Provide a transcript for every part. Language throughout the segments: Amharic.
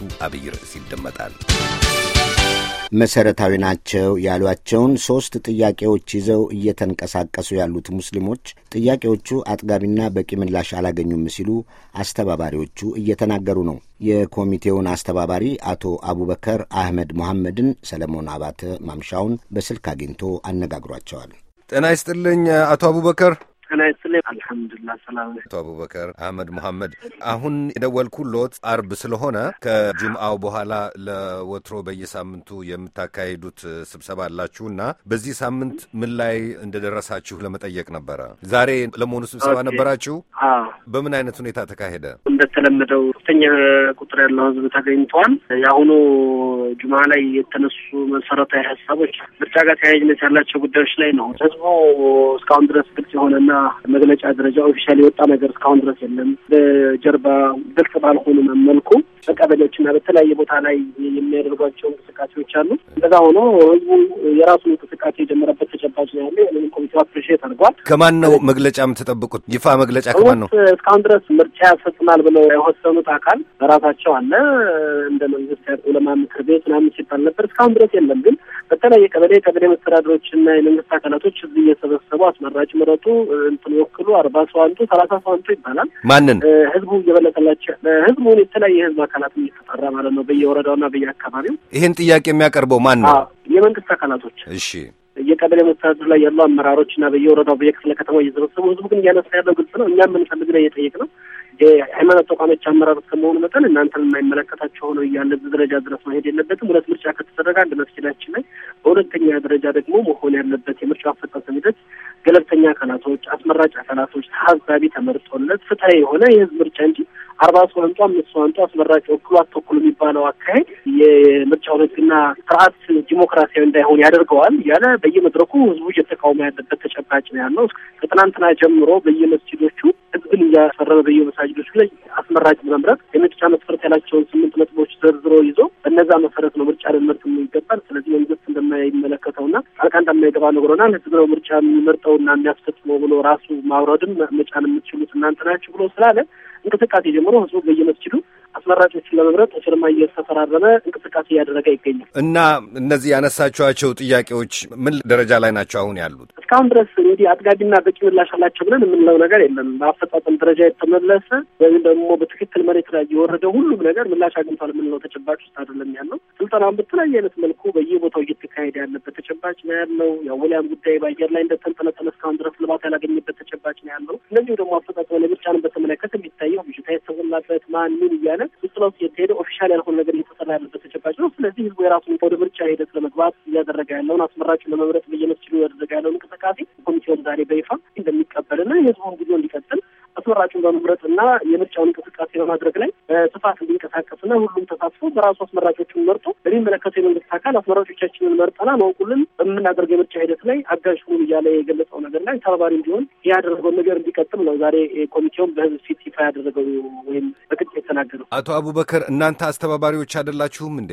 የዕለቱ አብይ ርዕስ ይደመጣል። መሰረታዊ ናቸው ያሏቸውን ሶስት ጥያቄዎች ይዘው እየተንቀሳቀሱ ያሉት ሙስሊሞች ጥያቄዎቹ አጥጋቢና በቂ ምላሽ አላገኙም ሲሉ አስተባባሪዎቹ እየተናገሩ ነው። የኮሚቴውን አስተባባሪ አቶ አቡበከር አህመድ መሐመድን ሰለሞን አባተ ማምሻውን በስልክ አግኝቶ አነጋግሯቸዋል። ጤና ይስጥልኝ አቶ አቡበከር። ይስጥልኝ። አልሐምዱላ ሰላም። አቶ አቡበከር አህመድ ሙሐመድ፣ አሁን የደወልኩሎት አርብ ስለሆነ ከጅምአው በኋላ ለወትሮ በየሳምንቱ የምታካሂዱት ስብሰባ አላችሁና በዚህ ሳምንት ምን ላይ እንደደረሳችሁ ለመጠየቅ ነበረ። ዛሬ ለመሆኑ ስብሰባ ነበራችሁ? በምን አይነት ሁኔታ ተካሄደ? እንደተለመደው ከፍተኛ ቁጥር ያለው ህዝብ ተገኝተዋል። የአሁኑ ጁማ ላይ የተነሱ መሰረታዊ ሀሳቦች ምርጫ ጋር ተያያዥነት ያላቸው ጉዳዮች ላይ ነው። ህዝቡ እስካሁን ድረስ ግልጽ የሆነና መግለጫ ደረጃ ኦፊሻል የወጣ ነገር እስካሁን ድረስ የለም። በጀርባ ግልጽ ባልሆኑ መመልኩ በቀበሌዎች እና በተለያየ ቦታ ላይ የሚያደርጓቸው እንቅስቃሴዎች አሉ። እንደዛ ሆኖ ህዝቡ የራሱን እንቅስቃሴ የጀመረበት ተጨባጭ ነው ያለ ይህንን ኮሚቴው አፕሪሼት አድርጓል። ከማን ነው መግለጫም ተጠብቁት? ይፋ መግለጫ ከማን ነው? እስካሁን ድረስ ምርጫ ያስፈጽማል ብለው የወሰኑት አካል በራሳቸው አለ እንደ መንግስት ዑለማ ምክር ቤት ምናምን ሲባል ነበር። እስካሁን ድረስ የለም። ግን በተለያየ ቀበሌ ቀበሌ መስተዳድሮች እና የመንግስት አካላቶች እዚህ እየሰበሰቡ አስመራጭ ምረጡ፣ እንትን ወክሉ፣ አርባ ሰው አንጡ፣ ሰላሳ ሰው አንጡ ይባላል። ማንን ህዝቡ እየበለጠላቸው ህዝቡን የተለያየ ህዝብ አካላት እየተጠራ ማለት ነው በየወረዳውና በየአካባቢው። ይህን ጥያቄ የሚያቀርበው ማን ነው? የመንግስት አካላቶች። እሺ የቀበሌ መስተዳድር ላይ ያሉ አመራሮች እና በየወረዳው በየክፍለ ከተማ እየሰበሰቡ ህዝቡ ግን እያነሳ ያለው ግልጽ ነው። እኛ የምንፈልግ ነው እየጠየቅ ነው። የሃይማኖት ተቋሞች አመራሮች ከመሆኑ መጠን እናንተን የማይመለከታቸው ሆነው እያለ ደረጃ ድረስ መሄድ የለበትም። ሁለት ምርጫ ከተደረገ አንድ መስጊዳችን ላይ፣ በሁለተኛ ደረጃ ደግሞ መሆን ያለበት የምርጫ አፈጻጸም ሂደት ገለልተኛ አካላቶች፣ አስመራጭ አካላቶች ታዛቢ ተመርጦለት ፍትሀ የሆነ የህዝብ ምርጫ እንጂ አርባ ሰው ዋንጫ አምስት ሰው ዋንጫ አስመራጭ ወክሎ አትወክሉ የሚባለው አካሄድ የምርጫው ህግና ስርዓት ዲሞክራሲያዊ እንዳይሆን ያደርገዋል እያለ በየመድረኩ ህዝቡ እየተቃውሞ ያለበት ተጨባጭ ነው ያለው። ከትናንትና ጀምሮ በየመስጅዶቹ ህዝብን እያፈረበ በየመሳጅዶቹ ላይ አስመራጭ መምረጥ የምርጫ መስፈርት ያላቸውን ስምንት ነጥቦች ዘርዝሮ ይዞ በነዛ መሰረት ነው ምርጫ ልንመርጥ የሚገባል። ስለዚህ መንግስት እንደማይመለከተውና ጣልቃ እንደማይገባ ነግሮናል። ህዝብ ነው ምርጫ የሚመርጠውና የሚያስፈጽመው ብሎ ራሱ ማውረድም መጫን የምትችሉት እናንተ ናችሁ ብሎ ስላለ እንቅስቃሴ ጀምሮ ህዝቡ በየመስጅዱ አስመራጮችን ለመምረጥ ፊርማ እየተፈራረመ እንቅስቃሴ እያደረገ ይገኛል እና እነዚህ ያነሳችኋቸው ጥያቄዎች ምን ደረጃ ላይ ናቸው አሁን ያሉት? እስካሁን ድረስ እንግዲህ አጥጋቢና በቂ ምላሽ አላቸው ብለን የምንለው ነገር የለም። በአፈጻጸም ደረጃ የተመለሰ ወይም ደግሞ በትክክል መሬት ላይ የወረደ ሁሉም ነገር ምላሽ አግኝቷል የምንለው ተጨባጭ ውስጥ አይደለም ያለው። ስልጠናውን በተለያየ አይነት መልኩ በየቦታው እየተካሄደ ያለበት ተጨባጭ ነው ያለው። የወልያም ጉዳይ በአየር ላይ እንደተንጠለጠለ እስካሁን ድረስ ልባት ያላገኘበት ተጨባጭ ነው ያለው። እነዚሁ ደግሞ አፈጻጸም ላይ በተመለከተ የሚታየ ብዥታ የተሞላበት ማን ምን እያለ ግልጽ ነው የተሄደ ኦፊሻል ያልሆነ ነገር እየተሰራ ያለበት ተጨባጭ ነው። ስለዚህ ህዝቡ የራሱ ወደ ምርጫ ሂደት ለመግባት እያደረገ ያለውን አስመራጩን ለመምረጥ በየመስችሉ እያደረገ ያለውን እንቅስቃሴ ኮሚቴውን ዛሬ በይፋ እንደሚቀበልና የህዝቡን ጉዞ እንዲቀጥል መራጩን በመምረጥ እና የምርጫውን እንቅስቃሴ በማድረግ ላይ ስፋት እንዲንቀሳቀስና ሁሉም ተሳትፎ በራሱ አስመራጮችን መርጦ በሚመለከተው የመንግስት አካል አስመራጮቻችንን መርጠና መውቁልን በምናደርገው የምርጫ ሂደት ላይ አጋዥ ሁኑ እያለ የገለጸው ነገር ላይ ተባባሪ እንዲሆን ያደረገው ነገር እንዲቀጥል ነው ዛሬ ኮሚቴውን በህዝብ ፊት ይፋ ያደረገው ወይም በቅጥ የተናገረው። አቶ አቡበከር እናንተ አስተባባሪዎች አይደላችሁም እንዴ?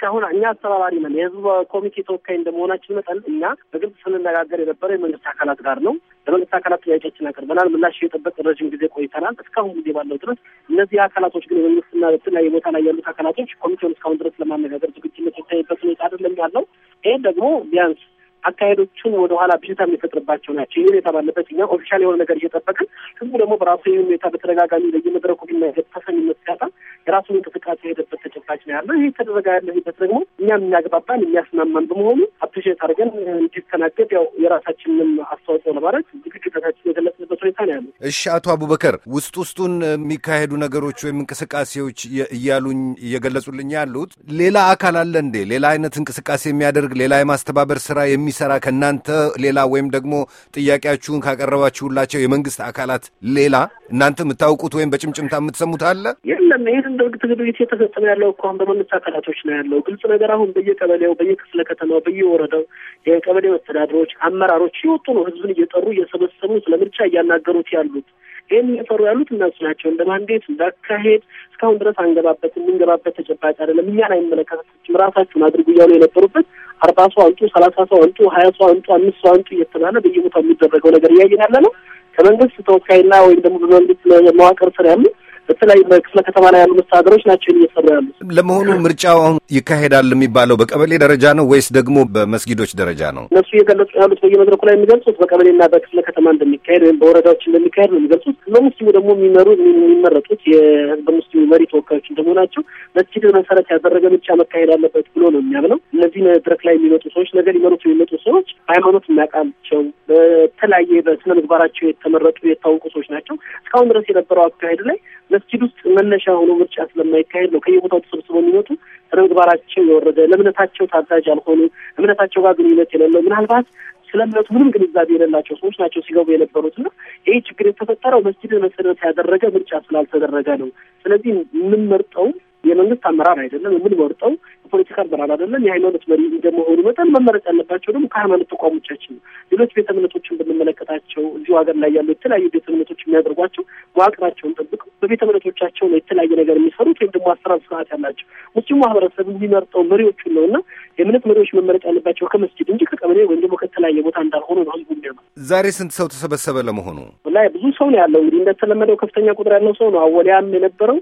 እስካሁን እኛ አስተባባሪ ነን። የህዝቡ ኮሚቴ ተወካይ እንደመሆናችን መጠን እኛ በግልጽ ስንነጋገር የነበረው የመንግስት አካላት ጋር ነው። ለመንግስት አካላት ጥያቄዎችን አቅርበናል። ምላሽ እየጠበቅ ረዥም ጊዜ ቆይተናል። እስካሁን ጊዜ ባለው ድረስ እነዚህ አካላቶች ግን የመንግስትና በተለያየ ቦታ ላይ ያሉት አካላቶች ኮሚቴውን እስካሁን ድረስ ለማነጋገር ዝግጅነት የታየበት ሁኔታ አይደለም ያለው። ይህም ደግሞ ቢያንስ አካሄዶቹን ወደኋላ ብዥታ የሚፈጥርባቸው ናቸው። ይህ ሁኔታ ባለበት እኛ ኦፊሻል የሆነ ነገር እየጠበቅን ህዝቡ ደግሞ በራሱ ይህ ሁኔታ በተደጋጋሚ ለየመድረኩ ቢናገር ተሰሚነት ሲያጣ የራሱን እንቅስቃሴ ሄደበት ተጨባጭ ነው ያለው። ይህ የተደረገ ያለ ሂደት ደግሞ እኛም የሚያግባባን የሚያስማማን በመሆኑ አፕሪሼት አድርገን እንዲስተናገድ ያው የራሳችንንም አስተዋጽኦ ለማድረግ ዝግጅታችን የገለጽንበት ሁኔታ ነው ያለው። እሺ፣ አቶ አቡበከር ውስጥ ውስጡን የሚካሄዱ ነገሮች ወይም እንቅስቃሴዎች እያሉኝ እየገለጹልኝ ያሉት ሌላ አካል አለ እንዴ? ሌላ አይነት እንቅስቃሴ የሚያደርግ ሌላ የማስተባበር ስራ የሚሰራ ከእናንተ ሌላ ወይም ደግሞ ጥያቄያችሁን ካቀረባችሁላቸው የመንግስት አካላት ሌላ እናንተ የምታውቁት ወይም በጭምጭምታ የምትሰሙት አለ? የለም። ይህን ድርጊት ድርጊት እየተፈጸመ ያለው እኮ አሁን በመንግስት አካላቶች ነው ያለው። ግልጽ ነገር አሁን በየቀበሌው፣ በየክፍለ ከተማው፣ በየወረዳው የቀበሌ መስተዳድሮች አመራሮች ሲወጡ ነው ህዝብን እየጠሩ እየሰበሰቡ ስለ ምርጫ እያናገሩት ያሉት። ይህን እየሰሩ ያሉት እነሱ ናቸው። እንደ ማንዴት እንዳካሄድ እስካሁን ድረስ አንገባበት የምንገባበት ተጨባጭ አይደለም፣ እኛን አይመለከታችም፣ ራሳችሁን አድርጉ እያሉ የነበሩበት አርባ ሰው አንጡ፣ ሰላሳ ሰው አንጡ፣ ሀያ ሰው አንጡ፣ አምስት ሰው አንጡ እየተባለ በየቦታው የሚደረገው ነገር እያየን ያለ ነው። ከመንግስት ተወካይና ወይም ደግሞ በመንግስት መዋቅር ስር ያሉ በተለያዩ በክፍለ ከተማ ላይ ያሉ መስተዳደሮች ናቸው እየሰሩ ያሉ። ለመሆኑ ምርጫው አሁን ይካሄዳል የሚባለው በቀበሌ ደረጃ ነው ወይስ ደግሞ በመስጊዶች ደረጃ ነው? እነሱ እየገለጹ ያሉት በየመድረኩ ላይ የሚገልጹት በቀበሌና በክፍለ ከተማ እንደሚካሄድ ወይም በወረዳዎች እንደሚካሄድ ነው የሚገልጹት። በሙስሊሙ ደግሞ የሚመሩ የሚመረጡት የህዝበ ሙስሊሙ መሪ ተወካዮች እንደመሆናቸው መስጊድ መሰረት ያደረገ ምርጫ መካሄድ አለበት ብሎ ነው የሚያምነው። እነዚህ መድረክ ላይ የሚመጡ ሰዎች ነገር ሊመሩት የሚመጡ ሰዎች በሃይማኖት እናቃቸው በተለያየ በስነ ምግባራቸው የተመረጡ የታወቁ ሰዎች ናቸው። እስካሁን ድረስ የነበረው አካሄድ ላይ መስጂድ ውስጥ መነሻ ሆኖ ምርጫ ስለማይካሄድ ነው ከየቦታው ተሰብስበው የሚመጡ ስነ ምግባራቸው የወረደ ለእምነታቸው ታዛዥ ያልሆኑ እምነታቸው ጋር ግንኙነት የሌለው ምናልባት ስለ እምነቱ ምንም ግንዛቤ የሌላቸው ሰዎች ናቸው ሲገቡ የነበሩትና ይህ ችግር የተፈጠረው መስጂድን መሰረት ያደረገ ምርጫ ስላልተደረገ ነው። ስለዚህ የምንመርጠው የመንግስት አመራር አይደለም፣ የምንመርጠው የፖለቲካ አመራር አይደለም። የሃይማኖት መሪ እንደመሆኑ መጠን መመረጥ ያለባቸው ደግሞ ከሃይማኖት ተቋሞቻችን ነው። ሌሎች ቤተ እምነቶችን ብንመለከታቸው እዚሁ ሀገር ላይ ያሉ የተለያዩ ቤተ እምነቶች የሚያደርጓቸው መዋቅራቸውን ጠብቅ በቤተ እምነቶቻቸው ነው የተለያየ ነገር የሚሰሩት ወይም ደግሞ አሰራር ስርዓት ያላቸው። ሙስሊሙ ማህበረሰብ የሚመርጠው መሪዎቹን ነው እና የእምነት መሪዎች መመረጥ ያለባቸው ከመስጅድ እንጂ ከቀበሌ ወይም ደግሞ ከተለያየ ቦታ እንዳልሆኑ ነው ህዝቡ የሚያምነው። ዛሬ ስንት ሰው ተሰበሰበ? ለመሆኑ ላይ ብዙ ሰው ነው ያለው። እንግዲህ እንደተለመደው ከፍተኛ ቁጥር ያለው ሰው ነው አወሊያም የነበረው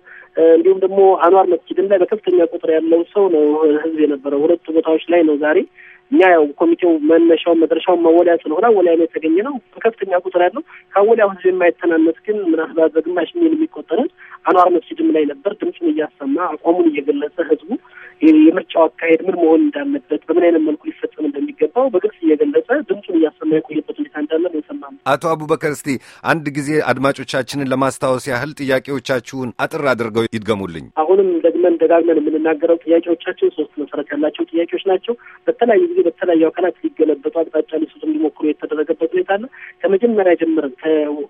እንዲሁም ደግሞ አኗር መስጅድም ላይ በከፍተኛ ቁጥር ያለው ሰው ነው ህዝብ የነበረው። ሁለቱ ቦታዎች ላይ ነው ዛሬ እኛ ያው ኮሚቴው መነሻውን መድረሻውን መወልያ ስለሆነ ወልያ ነው የተገኘ ነው። በከፍተኛ ቁጥር ያለው ከወልያው ህዝብ የማይተናነስ ግን ምናልባት በግማሽ ሚሊዮን የሚቆጠርን አኗር መስጅድም ላይ ነበር ድምፁን እያሰማ አቋሙን እየገለጸ ህዝቡ የምርጫው አካሄድ ምን መሆን እንዳለበት በምን አይነት መልኩ ሊፈጸም እንደሚገባው በግልጽ እየገለጸ ድምፁን እያሰማ የቆየበት ሁኔታ እንዳለ ነው የሰማም። አቶ አቡበከር እስቲ አንድ ጊዜ አድማጮቻችንን ለማስታወስ ያህል ጥያቄዎቻችሁን አጥር አድርገው ይድገሙልኝ። አሁንም ደግመን ደጋግመን የምንናገረው ጥያቄዎቻችን ሶስት መሰረት ያላቸው ጥያቄዎች ናቸው። በተለያዩ ጊዜ በተለያዩ አካላት ሊገለበጡ አቅጣጫ ሊስቱ እንዲሞክሩ የተደረገበት ሁኔታ አለ። ከመጀመሪያ ጀምረን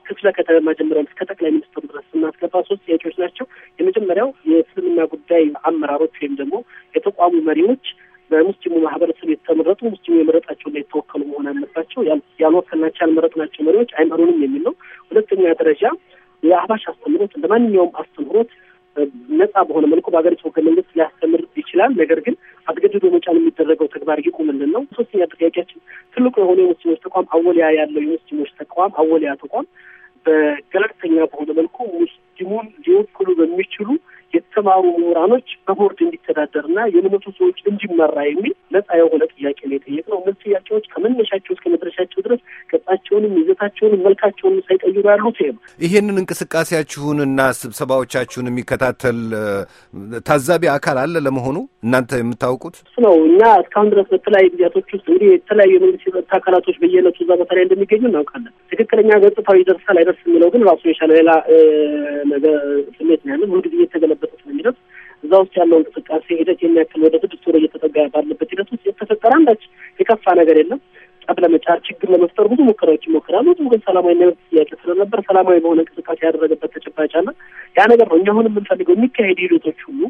ከክፍለ ከተማ ጀምረን እስከ ጠቅላይ ሚኒስትሩ ድረስ ስናስገባ ሶስት ጥያቄዎች ናቸው። የመጀመሪያው የእስልምና ጉዳይ አመራሮች ወይም ደግሞ የተቋሙ መሪዎች በሙስሊሙ ማህበረሰብ የተመረጡ ሙስሊሙ የመረጣቸውና የተወከሉ መሆን አለባቸው። ያልወከልናቸው ያልመረጥናቸው መሪዎች አይመሩንም የሚል ነው። ሁለተኛ ደረጃ የአህባሽ አስተምህሮት እንደ ማንኛውም አስተምህሮት ነጻ በሆነ መልኩ በሀገሪቱ ህገ መንግስት ሊያስተምር ይችላል። ነገር ግን አስገድዶ መጫን የሚደረገው ተግባር ይቁምልን ነው። ሶስተኛ ጥያቄያችን ትልቁ የሆነ የሙስሊሞች ተቋም አወሊያ ያለው የሙስሊሞች ተቋም አወሊያ ተቋም በገለልተኛ በሆነ መልኩ ሊያስገመግሙን ሊወክሉ በሚችሉ የተማሩ ምሁራኖች በቦርድ እንዲተዳደርና የልመቱ ሰዎች እንዲመራ የሚል ነጻ የሆነ ጥያቄ ነው የጠየቅነው። እነዚህ ጥያቄዎች ከመነሻቸው እስከ መድረሻቸው ድረስ ቅርጻቸውንም ይዘታቸውንም መልካቸውንም ሳይቀይሩ ያሉት ይሄም ይሄንን እንቅስቃሴያችሁን እና ስብሰባዎቻችሁን የሚከታተል ታዛቢ አካል አለ ለመሆኑ እናንተ የምታውቁት? እሱ ነው እኛ እስካሁን ድረስ በተለያዩ ጊዜያቶች ውስጥ እንግዲህ የተለያዩ የመንግስት የጸጥታ አካላቶች በየዕለቱ እዛ ቦታ ላይ እንደሚገኙ እናውቃለን። ትክክለኛ ገጽታው ይደርሳል አይደርስ የሚለው ግን ራሱ የቻለ ሌላ ነገር ስሜት ነው ያለን። ሁልጊዜ እየተገለበጠ ስለሚደርስ እዛ ውስጥ ያለው እንቅስቃሴ ሂደት የሚያክል ወደ ስድስት ወር እየተጠጋ ባለበት ሂደት ውስጥ የተፈጠረ አንዳች የከፋ ነገር የለም። ጸብ ለመጫር ችግር ለመፍጠር ብዙ ሙከራዎች ይሞክራሉ። ህዝቡ ግን ሰላማዊ ነበር ጥያቄ ስለነበር ሰላማዊ በሆነ እንቅስቃሴ ያደረገበት ተጨባጭ አለ። ያ ነገር ነው እኛ አሁን የምንፈልገው የሚካሄዱ ሂደቶች ሁሉ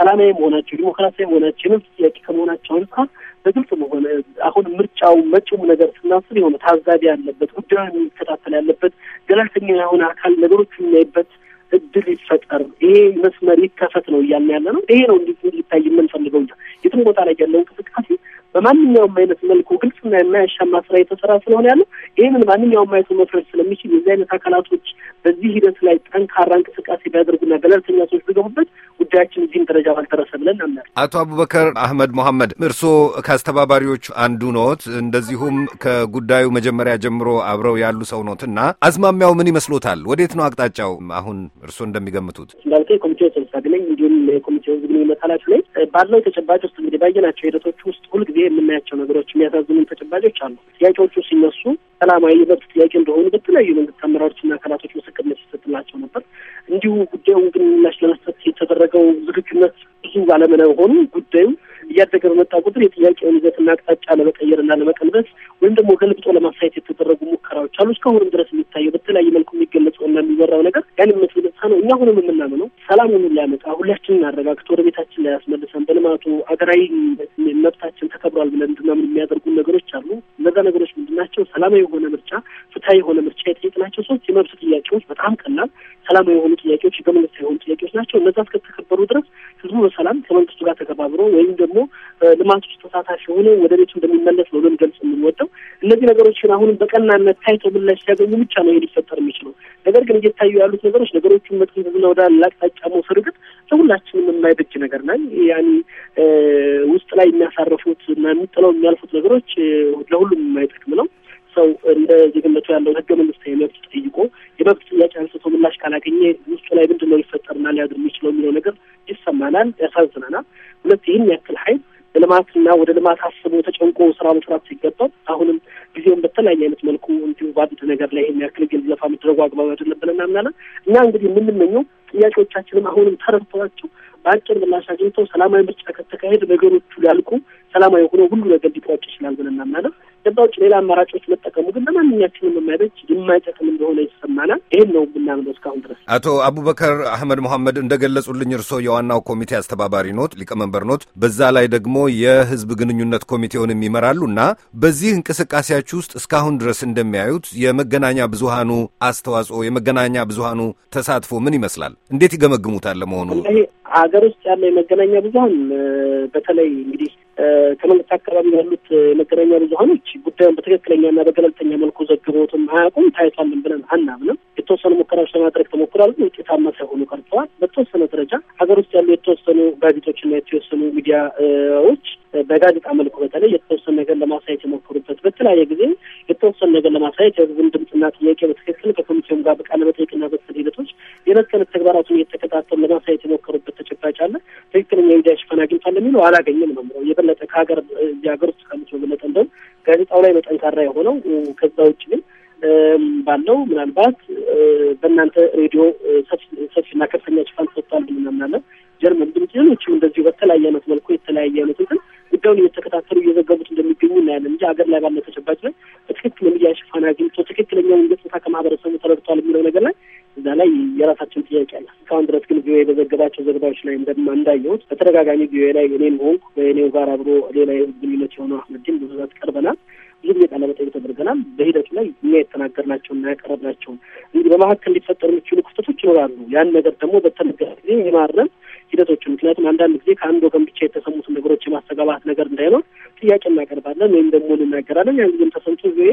ሰላማዊ መሆናቸው ዲሞክራሲያዊ መሆናቸው የመብት ጥያቄ ከመሆናቸው አንጻር በግልጽ መሆነ አሁን ምርጫው መጪው ነገር ስናስብ የሆነ ታዛቢ ያለበት ጉዳዩ የሚከታተል ያለበት ገለልተኛ የሆነ አካል ነገሮች የሚያይበት እድል ይፈጠር፣ ይሄ መስመር ይከፈት ነው እያልን ያለ ነው። ይሄ ነው እንዲ ሊታይ የምንፈልገው እንጂ የትም ቦታ ላይ ያለው እንቅስቃሴ በማንኛውም አይነት መልኩ ግልጽና የማያሻማ ስራ የተሰራ ስለሆነ ያለው ይህንን ማንኛውም አይነት መፍረድ ስለሚችል የዚህ አይነት አካላቶች በዚህ ሂደት ላይ ጠንካራ እንቅስቃሴ ቢያደርጉና ገለልተኛ ሰዎች ቢገቡበት ጉዳያችን እዚህም ደረጃ ባልደረሰ ብለን እናምናለን። አቶ አቡበከር አህመድ መሐመድ እርስዎ ከአስተባባሪዎች አንዱ ኖት፣ እንደዚሁም ከጉዳዩ መጀመሪያ ጀምሮ አብረው ያሉ ሰው ኖት እና አዝማሚያው ምን ይመስሎታል? ወዴት ነው አቅጣጫው? አሁን እርስዎ እንደሚገምቱት እንዳልከ የኮሚቴው አሳግነኝ እንዲሁም የኮሚቴው ግንኙነት ኃላፊ ነኝ። ባለው የተጨባጭ ውስጥ እንግዲህ ባየናቸው ሂደቶች ውስጥ ሁልጊዜ የምናያቸው ነገሮች የሚያሳዝኑን ተጨባጮች አሉ። ጥያቄዎቹ ሲነሱ ሰላማዊ የመብት ጥያቄ እንደሆኑ በተለያዩ መንግስት አመራሮችና አካላቶች ምስክርነት ሲሰጥላቸው ነበር። እንዲሁ ጉዳዩ ግን ምላሽ ለመስጠት የተደረገው ዝግጁነት ብዙ ባለመሆኑ ጉዳዩ እያደገ በመጣ ቁጥር የጥያቄውን ይዘትና አቅጣጫ ለመቀየርና ለመቀልበስ ወይም ደግሞ ገልብጦ ለማሳየት ነገሮች አሉ። እስካሁንም ድረስ የሚታየው በተለያየ መልኩ የሚገለጸው እና የሚወራው ነገር ያን የሚመስል ገጽታ ነው። እኛ አሁንም የምናምነው ሰላሙን ሊያመጣ ሁላችንን አረጋግቶ ወደ ቤታችን ላይ ያስመልሰን በልማቱ አገራዊ መብታችን ተከብሯል ብለን እንድናምን የሚያደርጉን ነገሮች አሉ። እነዛ ነገሮች ምንድን ናቸው? ሰላማዊ የሆነ ምርጫ፣ ፍትሐዊ የሆነ ምርጫ የጠየቅናቸው ሶስት የመብት ጥያቄዎች በጣም ቀላል ሰላማዊ የሆኑ ጥያቄዎች፣ ህገ መንግስታዊ የሆኑ ጥያቄዎች ናቸው። እነዛ እስከተከበሩ ድረስ ህዝቡ በሰላም ከመንግስቱ ጋር ተከባብሮ ወይም ደግሞ ልማት ውስጥ ተሳታፊ ሆኖ ወደ ቤቱ እንደሚመለስ ነው ልንገልጽ የምንወደው። እነዚህ ነገሮችን አሁንም በቀናነት ታይቶ ምላሽ ሲያገኙ ብቻ ነው ሊፈጠር የሚችለው። ነገር ግን እየታዩ ያሉት ነገሮች ነገሮቹን መጥንዘዝና ወደ አቅጣጫ መውሰድ ግን ለሁላችንም የማይበጅ ነገር ና ያኔ ውስጥ ላይ የሚያሳረፉት እና የሚጥለው የሚያልፉት ነገሮች ለሁሉም የማይጠቅም ነው። ሰው እንደ ዜግነቱ ያለውን ህገ መንግስት መብት ጠይቆ የመብት ጥያቄ አንስቶ ምላሽ ካላገኘ ውስጡ ላይ ምንድን ነው ሊፈጠርና ሊያድር የሚችለው የሚለው ነገር ይሰማናል፣ ያሳዝናናል። ሁለት ይህን ያክል ሀይል ልማትና ወደ ልማት አስቦ ተጨንቆ ስራ መስራት ሲገባው አሁንም ጊዜውን በተለያየ አይነት መልኩ እንዲሁ በአንድ ነገር ላይ ይሄን ያክል ገንዘፋ መድረጉ አግባብ አይደለም ብለን እናምናለን። እንግዲህ የምንመኘው ጥያቄዎቻችንም አሁንም ተረድተዋቸው በአጭር ምላሽ አግኝተው ሰላማዊ ምርጫ ከተካሄድ ነገሮቹ ሊያልቁ ሰላማዊ ሆኖ ሁሉ ነገር ሊቋጭ ይችላል ብለን እናምናለን። ከዛ ውጭ ሌላ አማራጮች መጠቀሙ ግን ለማንኛችንም የማይበጅ የማይጠቅም እንደሆነ ይሰማናል። ይህን ነው ብናምነው እስካሁን ድረስ። አቶ አቡበከር አህመድ መሐመድ እንደገለጹልኝ እርስዎ የዋናው ኮሚቴ አስተባባሪ ኖት፣ ሊቀመንበር ኖት፣ በዛ ላይ ደግሞ የህዝብ ግንኙነት ኮሚቴውንም ይመራሉ እና በዚህ እንቅስቃሴያችሁ ውስጥ እስካሁን ድረስ እንደሚያዩት የመገናኛ ብዙሃኑ አስተዋጽኦ የመገናኛ ብዙሃኑ ተሳትፎ ምን ይመስላል? እንዴት ይገመግሙታል? ለመሆኑ ሀገር ውስጥ ያለ የመገናኛ ብዙሃን በተለይ እንግዲህ ከመንግስት አካባቢ ያሉት መገናኛ ብዙሀኖች ጉዳዩን በትክክለኛና በገለልተኛ መልኩ ዘግቦትም አያውቁም። ታይቷልን ብለን አናምንም። የተወሰኑ ሙከራዎች ለማድረግ ተሞክሯል፣ ግን ውጤታማ ሳይሆኑ ቀርተዋል። በተወሰነ ደረጃ ሀገር ውስጥ ያሉ የተወሰኑ ጋዜጦችና የተወሰኑ ሚዲያዎች በጋዜጣ መልኩ በተለይ የተወሰኑ ነገር ለማሳየት የሞከሩበት በተለያየ ጊዜ የተወሰኑ ነገር ለማሳየት የህዝቡን ድምፅና ጥያቄ በትክክል ከኮሚቴውም ጋር በቃለ መጠይቅና በስል ሂደቶች የዕለት ተግባራቱን እየተከታተሉ ለማሳየት የሞከሩበት ተጨባጭ አለ። ትክክለኛ ሚዲያ ሽፋን አግኝቷል የሚለው አላገኘም ነው ምለው። የበለጠ ከሀገር የሀገር ውስጥ ካሉት የበለጠ እንደውም ጋዜጣው ላይ ነው ጠንካራ የሆነው። ከዛ ውጭ ግን ባለው ምናልባት በእናንተ ሬዲዮ ሰፊና ከፍተኛ ሽፋን ተሰጥቷል ብለን እናምናለን። ጀርመን ድምጽ፣ ሌሎችም እንደዚሁ በተለያየ አይነት መልኩ የተለያየ አይነት እንትን ጉዳዩን እየተከታተሉ እየዘገቡት እንደሚገኙ እናያለን እንጂ ሀገር ላይ ባለ ተጨባጭ ላይ በትክክል የሚዲያ ሽፋን አግኝቶ ትክክለኛውን ገጽታ ከማህበረሰቡ ተረድቷል የሚለው ነገር ላይ እዛ ላይ የራሳችን ጥያቄ አለ። እስካሁን ድረስ ግን ቪኦኤ በዘገባቸው ዘገባዎች ላይ እንደማ እንዳየሁት በተደጋጋሚ ቪኦኤ ላይ እኔም ሆንኩ በእኔው ጋር አብሮ ሌላ የህዝብ ግንኙነት የሆነ አህመድን በብዛት ቀርበናል። ብዙ ጊዜ ቃለ መጠይቅ ተደርገናል። በሂደቱ ላይ እኛ የተናገርናቸው እና ያቀረብናቸው እንግዲህ በመካከል ሊፈጠሩ የሚችሉ ክፍተቶች ይኖራሉ። ያን ነገር ደግሞ በተነገረ ጊዜ የማረም ሂደቶችን ምክንያቱም አንዳንድ ጊዜ ከአንድ ወገን ብቻ የተሰሙትን ነገሮች የማስተጋባት ነገር እንዳይኖር ጥያቄ እናቀርባለን ወይም ደግሞ እንናገራለን። ያን ጊዜም ተሰምቶ ዜ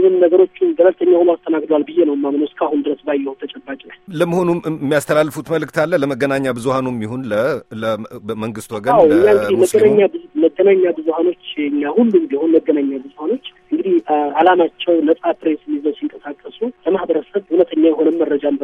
ሁሉንም ነገሮችን ገለልተኛ ሆኖ አስተናግዷል ብዬ ነው የማምነው እስካሁን ድረስ ባየው ተጨባጭ ላይ። ለመሆኑም የሚያስተላልፉት መልእክት አለ ለመገናኛ ብዙሀኑም ይሁን ለመንግስት ወገን? መገናኛ መገናኛ ብዙሀኖች እኛ ሁሉም ቢሆን መገናኛ ብዙሀኖች እንግዲህ አላማቸው ነጻ ፕሬስ ይዘው ሲንቀሳቀሱ ለማህበረሰብ እውነተኛ የሆነ መረጃን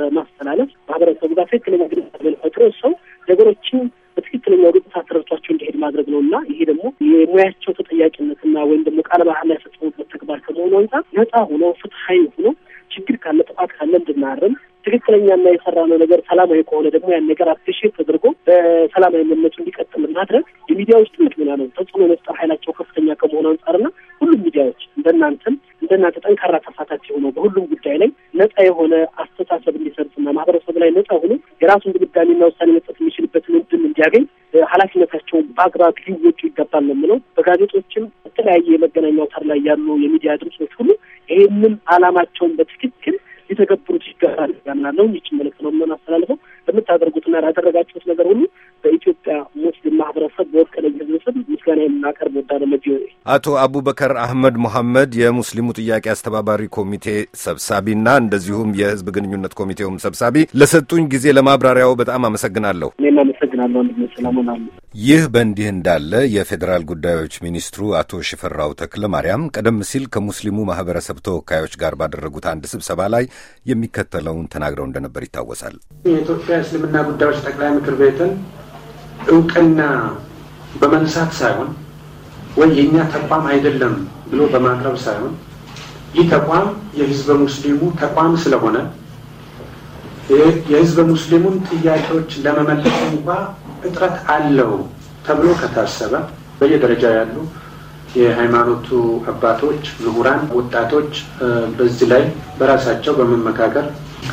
በማስተላለፍ ማህበረሰቡ ጋር ትክክለኛ ግንዛቤ ፈጥሮ ሰው ነገሮችን በትክክለኛ ወደታ ተረድቷቸው እንዲሄድ ማድረግ ነው እና ይሄ ደግሞ የሙያቸው ተጠያቂነትና ወይም ደግሞ ቃለ ባህል ላይ ፈጽሙበት ተግባር ከመሆኑ አንጻር ነጻ ሆኖ ፍትሀዊ ሆኖ ችግር ካለ ጥፋት ካለ እንድናርም ትክክለኛና የሰራነው ነገር ሰላማዊ ከሆነ ደግሞ ያን ነገር አፕሪሼት ተደርጎ በሰላማዊነቱ እንዲቀጥል ማድረግ የሚዲያዎች ትልቅ ሚና ነው። ተጽዕኖ የመፍጠር ኃይላቸው ከፍተኛ ከመሆኑ አንጻርና ሁሉም ሚዲያዎች እንደናንተም እንደናንተ ጠንካራ ተሳታፊ ሆነው በሁሉም ጉዳይ ላይ ነጻ የሆነ አስተሳሰብ እንዲሰርጽና ማህበረሰብ ላይ ነጻ ሆኖ የራሱን ድምዳሜና ውሳኔ መስጠት የሚችልበት እድል እንዲያገኝ ኃላፊነታቸውን በአግባብ ሊወጡ ይገባል ነው የምለው። በጋዜጦችም በተለያየ የመገናኛ አውታር ላይ ያሉ የሚዲያ ድምጾች ሁሉ ይህንን አላማቸውን በትክክል ሊተገብሩት ይገባል ያምናለው። ይችን መልዕክት ነው ምን አስተላልፈው በምታደርጉትና ያደረጋችሁት ነገር ሁሉ በኢትዮጵያ ሙስሊም ማህበረሰብ በወከለኝ ህዝብ ስም ምስጋና የምናቀርብ ለመጅ አቶ አቡበከር አህመድ መሐመድ የሙስሊሙ ጥያቄ አስተባባሪ ኮሚቴ ሰብሳቢና እንደዚሁም የህዝብ ግንኙነት ኮሚቴውም ሰብሳቢ ለሰጡኝ ጊዜ ለማብራሪያው በጣም አመሰግናለሁ። እኔም አመሰግናለሁ። ሰላሙን አሉ። ይህ በእንዲህ እንዳለ የፌዴራል ጉዳዮች ሚኒስትሩ አቶ ሽፈራው ተክለ ማርያም ቀደም ሲል ከሙስሊሙ ማህበረሰብ ተወካዮች ጋር ባደረጉት አንድ ስብሰባ ላይ የሚከተለውን ተናግረው እንደነበር ይታወሳል። የኢትዮጵያ እስልምና ጉዳዮች ጠቅላይ ምክር ቤትን እውቅና በመንሳት ሳይሆን ወይ የእኛ ተቋም አይደለም ብሎ በማቅረብ ሳይሆን ይህ ተቋም የህዝበ ሙስሊሙ ተቋም ስለሆነ የህዝበ ሙስሊሙን ጥያቄዎች ለመመለስ እንኳ እጥረት አለው ተብሎ ከታሰበ በየደረጃ ያሉ የሃይማኖቱ አባቶች፣ ምሁራን፣ ወጣቶች በዚህ ላይ በራሳቸው በመመካከር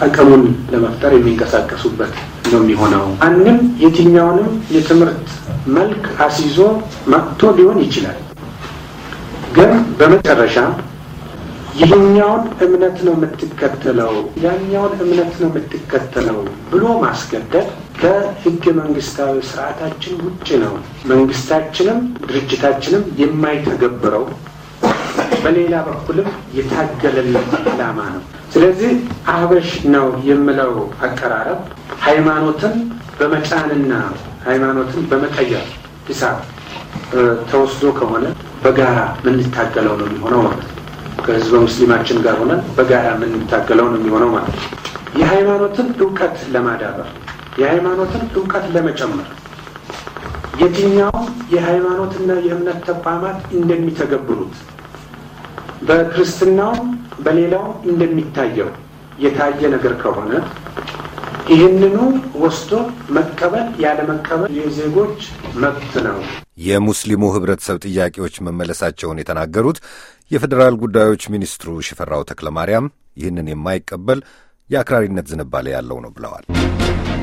አቅሙን ለመፍጠር የሚንቀሳቀሱበት ነው የሚሆነው። አንድም የትኛውንም የትምህርት መልክ አስይዞ መጥቶ ሊሆን ይችላል። ግን በመጨረሻ ይህኛውን እምነት ነው የምትከተለው፣ ያኛውን እምነት ነው የምትከተለው ብሎ ማስገደድ ከህገ መንግስታዊ ስርዓታችን ውጭ ነው። መንግስታችንም ድርጅታችንም የማይተገብረው በሌላ በኩልም የታገለለት ዓላማ ነው። ስለዚህ አበሽ ነው የምለው አቀራረብ ሃይማኖትን በመጫንና ሃይማኖትን በመቀየር ሂሳብ ተወስዶ ከሆነ በጋራ የምንታገለው ነው የሚሆነው ማለት ከህዝበ ሙስሊማችን ጋር ሆነ በጋራ የምንታገለው ነው የሚሆነው ማለት ነው። የሃይማኖትን እውቀት ለማዳበር የሃይማኖትን እውቀት ለመጨመር የትኛውም የሃይማኖትና የእምነት ተቋማት እንደሚተገብሩት በክርስትናውም በሌላው እንደሚታየው የታየ ነገር ከሆነ ይህንኑ ወስዶ መቀበል መቀበል የዜጎች መብት ነው። የሙስሊሙ ህብረተሰብ ጥያቄዎች መመለሳቸውን የተናገሩት የፌዴራል ጉዳዮች ሚኒስትሩ ሽፈራው ተክለ ይህንን የማይቀበል የአክራሪነት ዝንባሌ ያለው ነው ብለዋል።